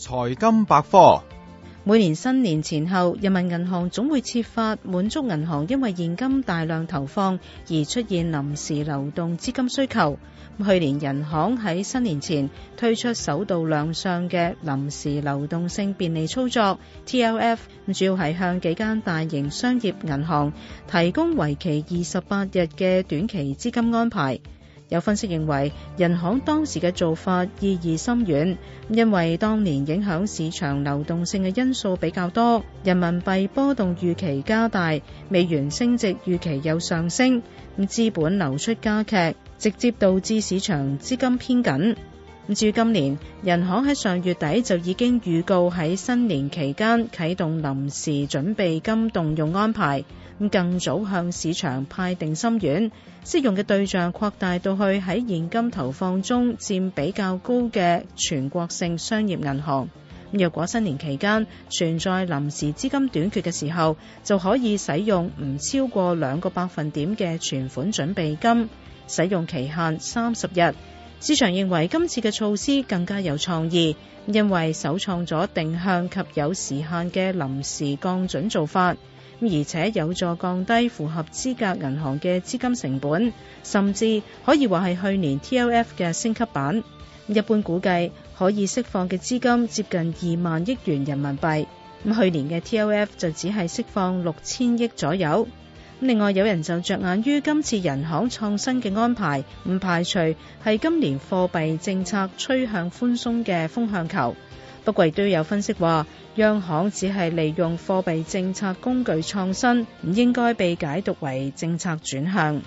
財金百科。每年新年前後，人民銀行總會設法滿足銀行因為現金大量投放而出現臨時流動資金需求。去年人行喺新年前推出首度亮相嘅臨時流動性便利操作 （TLF），主要係向幾間大型商業銀行提供為期二十八日嘅短期資金安排。有分析認為，人行當時嘅做法意義深遠，因為當年影響市場流動性嘅因素比較多，人民幣波動預期加大，美元升值預期又上升，咁資本流出加劇，直接導致市場資金偏緊。至於今年人行喺上月底就已經預告喺新年期間啟動臨時準備金動用安排，咁更早向市場派定心丸，適用嘅對象擴大到去喺現金投放中佔比較高嘅全國性商業銀行。咁若果新年期間存在臨時資金短缺嘅時候，就可以使用唔超過兩個百分點嘅存款準備金，使用期限三十日。市場認為今次嘅措施更加有創意，因為首創咗定向及有時限嘅臨時降準做法，而且有助降低符合資格銀行嘅資金成本，甚至可以話係去年 TLF 嘅升級版。一般估計可以釋放嘅資金接近二萬億元人民幣，去年嘅 TLF 就只係釋放六千億左右。另外，有人就着眼於今次人行創新嘅安排，唔排除係今年貨幣政策趨向寬鬆嘅風向球。不過亦都有分析話，央行只係利用貨幣政策工具創新，唔應該被解讀為政策轉向。